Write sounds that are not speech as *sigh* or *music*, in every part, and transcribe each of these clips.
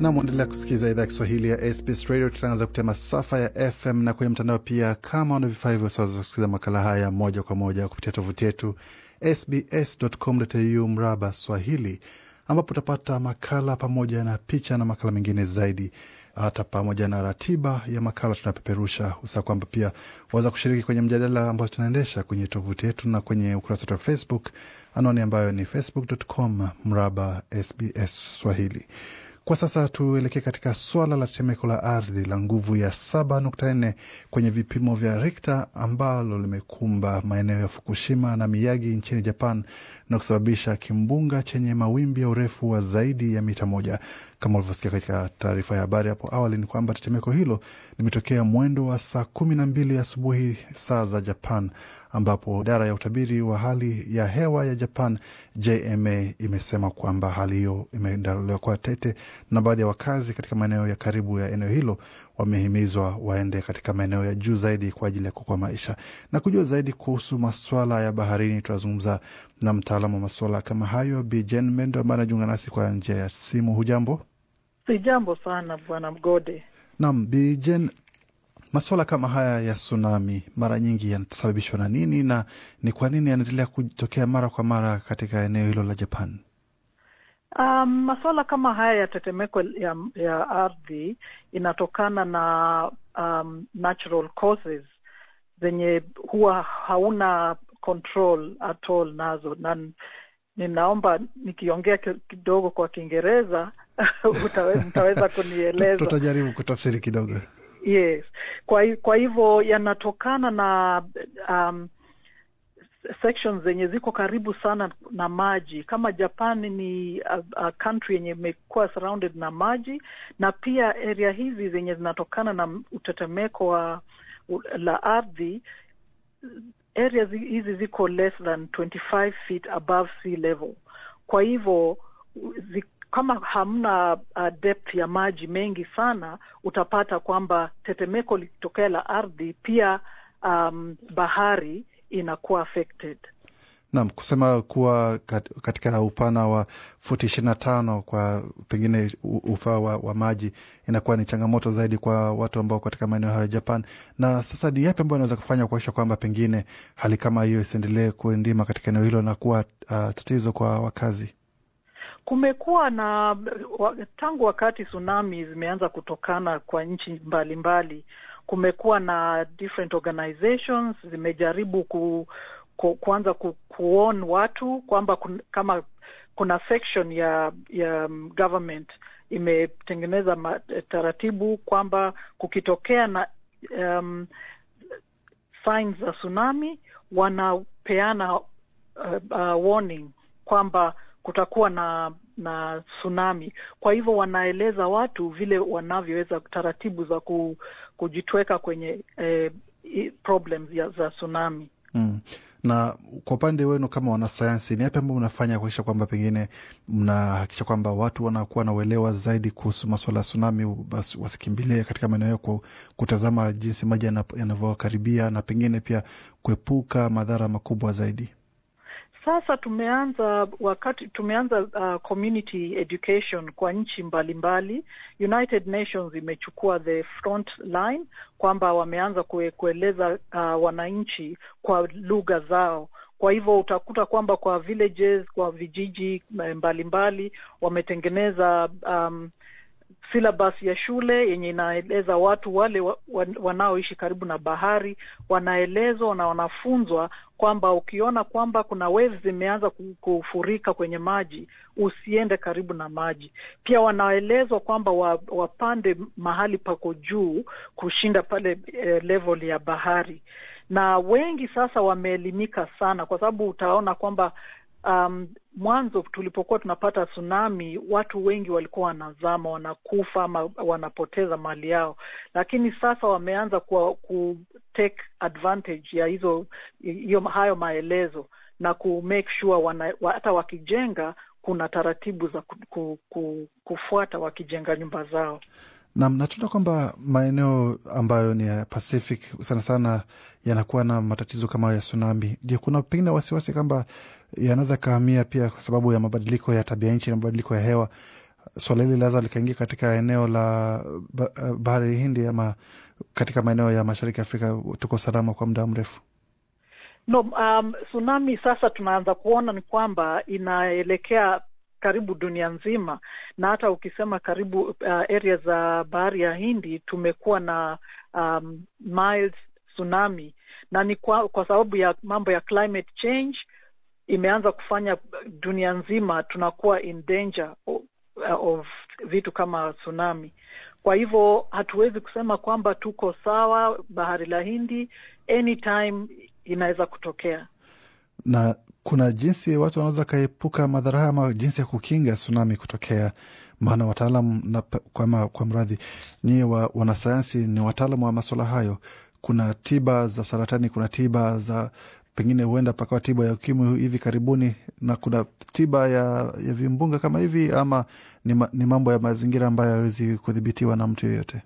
na mwendelea kusikiliza idhaa ya Kiswahili ya SBS Radio, tutangaza kupitia masafa ya FM na kwenye mtandao pia. Kama una vifaa hivyo, sawaza kusikiliza makala haya moja kwa moja kupitia tovuti yetu sbs.com.au mraba swahili, ambapo utapata makala pamoja na picha na makala mengine zaidi, hata pamoja na ratiba ya makala tunapeperusha. Usa kwamba pia waweza kushiriki kwenye mjadala ambao tunaendesha kwenye tovuti yetu na kwenye ukurasa wetu wa Facebook, anwani ambayo ni facebook.com mraba sbs swahili. Kwa sasa tuelekee katika swala la tetemeko la ardhi la nguvu ya 7.4 kwenye vipimo vya Richter ambalo limekumba maeneo ya Fukushima na Miyagi nchini Japan na kusababisha kimbunga chenye mawimbi ya urefu wa zaidi ya mita moja. Kama ulivyosikia katika taarifa ya habari hapo awali, ni kwamba tetemeko hilo limetokea mwendo wa saa kumi na mbili asubuhi saa za Japan, ambapo idara ya utabiri wa hali ya hewa ya Japan JMA imesema kwamba hali hiyo imeendelea kuwa tete na baadhi ya wakazi katika maeneo ya karibu ya eneo hilo wamehimizwa waende katika maeneo ya juu zaidi kwa ajili ya kuokoa maisha. Na kujua zaidi kuhusu maswala ya baharini, tunazungumza na mtaalamu wa maswala kama hayo Bi Jen Mendo ambaye anajiunga nasi kwa njia ya simu. Hujambo? Si jambo sana Bwana Mgode. Naam, Bi Jen, maswala kama haya ya tsunami mara nyingi yanasababishwa na nini, na ni kwa nini yanaendelea kutokea mara kwa mara katika eneo hilo la Japan? Um, masuala kama haya ya tetemeko ya, ya ardhi inatokana na um, natural causes zenye huwa hauna control at all nazo, na ninaomba nikiongea kidogo kwa Kiingereza *laughs* mtaweza kunieleza. *laughs* Tutajaribu kutafsiri kidogo. Yes, kwa, kwa hivyo yanatokana na um, sections zenye ziko karibu sana na maji. Kama Japan ni a, a country yenye imekuwa surrounded na maji, na pia area hizi zenye zinatokana na utetemeko wa la ardhi areas hizi ziko less than 25 feet above sea level. Kwa hivyo kama hamna uh, depth ya maji mengi sana, utapata kwamba tetemeko likitokea la ardhi pia um, bahari inakuwa affected. Naam, kusema kuwa katika upana wa futi ishirini na tano kwa pengine ufaa wa, wa maji inakuwa ni changamoto zaidi kwa watu ambao katika maeneo hayo ya Japan. Na sasa ni yapi ambayo inaweza kufanya kuakisha kwamba pengine hali kama hiyo isiendelee kuendima katika eneo hilo na kuwa uh, tatizo kwa wakazi? Kumekuwa na tangu wakati tsunami zimeanza kutokana kwa nchi mbalimbali mbali kumekuwa na different organizations zimejaribu ku, ku, kuanza ku, kuon watu kwamba kun, kama kuna section ya ya um, government imetengeneza eh, taratibu kwamba kukitokea na um, signs za tsunami wanapeana uh, uh, warning kwamba kutakuwa na na tsunami. Kwa hivyo wanaeleza watu vile wanavyoweza taratibu za ku, kujitweka kwenye eh, problems ya, za tsunami mm. Na kwa upande wenu kama wanasayansi, ni yapi ambayo mnafanya kuhakikisha kwamba pengine mnahakikisha kwamba watu wanakuwa na uelewa zaidi kuhusu masuala ya tsunami, wasikimbilie katika maeneo yao kutazama jinsi maji yanavyokaribia na pengine pia kuepuka madhara makubwa zaidi? Sasa tumeanza wakati tumeanza uh, community education kwa nchi mbalimbali mbali. United Nations imechukua the front line kwamba wameanza kue, kueleza uh, wananchi kwa lugha zao. Kwa hivyo utakuta kwamba kwa villages, kwa vijiji eh, mbalimbali mbali, wametengeneza um, syllabus ya shule yenye inaeleza watu wale wa, wa, wanaoishi karibu na bahari wanaelezwa na wanafunzwa kwamba ukiona kwamba kuna wezi zimeanza kufurika kwenye maji usiende karibu na maji. Pia wanaelezwa kwamba wapande mahali pako juu kushinda pale eh, level ya bahari, na wengi sasa wameelimika sana, kwa sababu utaona kwamba um, mwanzo tulipokuwa tunapata tsunami, watu wengi walikuwa wanazama, wanakufa ama wanapoteza mali yao, lakini sasa wameanza kuwa, ku take advantage ya hizo hiyo hayo maelezo na ku make sure wana, hata wakijenga kuna taratibu za ku, ku, ku, kufuata wakijenga nyumba zao. Nam, na tunaona kwamba maeneo ambayo ni ya Pacific sana sana yanakuwa na matatizo kama ya tsunami. Je, kuna pengine wasiwasi kwamba yanaweza kahamia pia kwa sababu ya mabadiliko ya tabia nchi na mabadiliko ya hewa, swala hili linaweza likaingia katika eneo la eh, bahari Hindi ama katika maeneo ya mashariki Afrika, tuko salama kwa muda mrefu? No, um, tsunami sasa tunaanza kuona ni kwamba inaelekea karibu dunia nzima, na hata ukisema karibu uh, area za bahari ya Hindi tumekuwa na um, mild tsunami, na ni kwa, kwa sababu ya mambo ya climate change imeanza kufanya dunia nzima tunakuwa in danger of, uh, of vitu kama tsunami. Kwa hivyo hatuwezi kusema kwamba tuko sawa. Bahari la Hindi anytime inaweza kutokea. Na kuna jinsi watu wanaweza wakaepuka madhara haya ama jinsi ya kukinga tsunami kutokea? Maana wataalam kwa, kwa mradhi nyie wa, wanasayansi ni wataalam wa maswala hayo. Kuna tiba za saratani, kuna tiba za pengine huenda pakawa tiba ya ukimwi hivi karibuni, na kuna tiba ya, ya vimbunga kama hivi, ama ni, ma, ni mambo ya mazingira ambayo hawezi kudhibitiwa na mtu yoyote?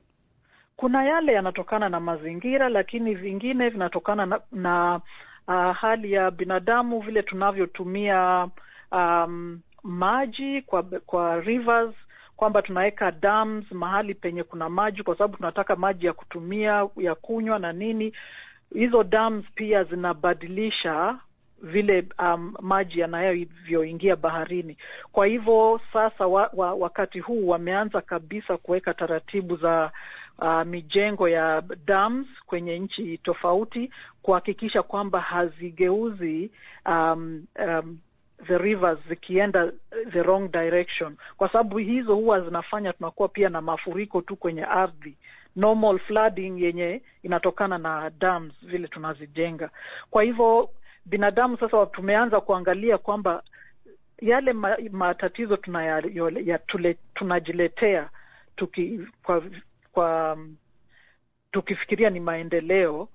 Kuna yale yanatokana na mazingira, lakini vingine vinatokana na, na uh, hali ya binadamu vile tunavyotumia um, maji kwa, kwa rivers kwamba tunaweka dams mahali penye kuna maji kwa sababu tunataka maji ya kutumia ya kunywa na nini. Hizo dams pia zinabadilisha vile um, maji yanavyoingia baharini. Kwa hivyo sasa wa, wa, wakati huu wameanza kabisa kuweka taratibu za uh, mijengo ya dams kwenye nchi tofauti kuhakikisha kwamba hazigeuzi um, um, the rivers zikienda the wrong direction, kwa sababu hizo huwa zinafanya tunakuwa pia na mafuriko tu kwenye ardhi, normal flooding yenye inatokana na dams vile tunazijenga. Kwa hivyo binadamu sasa tumeanza kuangalia kwamba yale matatizo tunajiletea tuki, kwa kwa mm, tukifikiria ni maendeleo,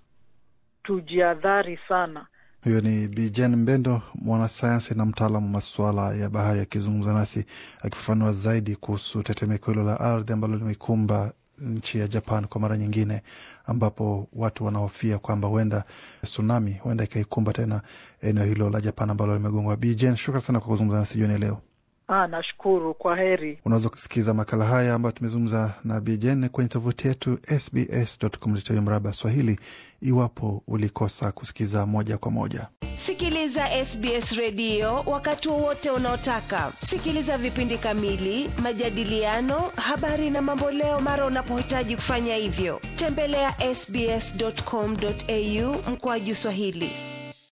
tujiadhari sana. Huyo ni Bijen Mbendo, mwanasayansi na mtaalamu masuala ya bahari, akizungumza nasi akifafanua zaidi kuhusu tetemeko hilo la ardhi ambalo limeikumba nchi ya Japan kwa mara nyingine, ambapo watu wanahofia kwamba huenda tsunami huenda ikaikumba tena eneo hilo la Japan ambalo limegongwa. Bijen, shukran sana kwa kuzungumza nasi jioni leo. Ah, nashukuru. Kwa heri. Unaweza kusikiza makala haya ambayo tumezungumza na Bijene kwenye tovuti yetu sbs.com.au mraba Swahili, iwapo ulikosa kusikiza moja kwa moja. Sikiliza SBS redio wakati wowote unaotaka. Sikiliza vipindi kamili, majadiliano, habari na mambo leo mara unapohitaji kufanya hivyo. Tembelea sbs.com.au mkoaju Swahili.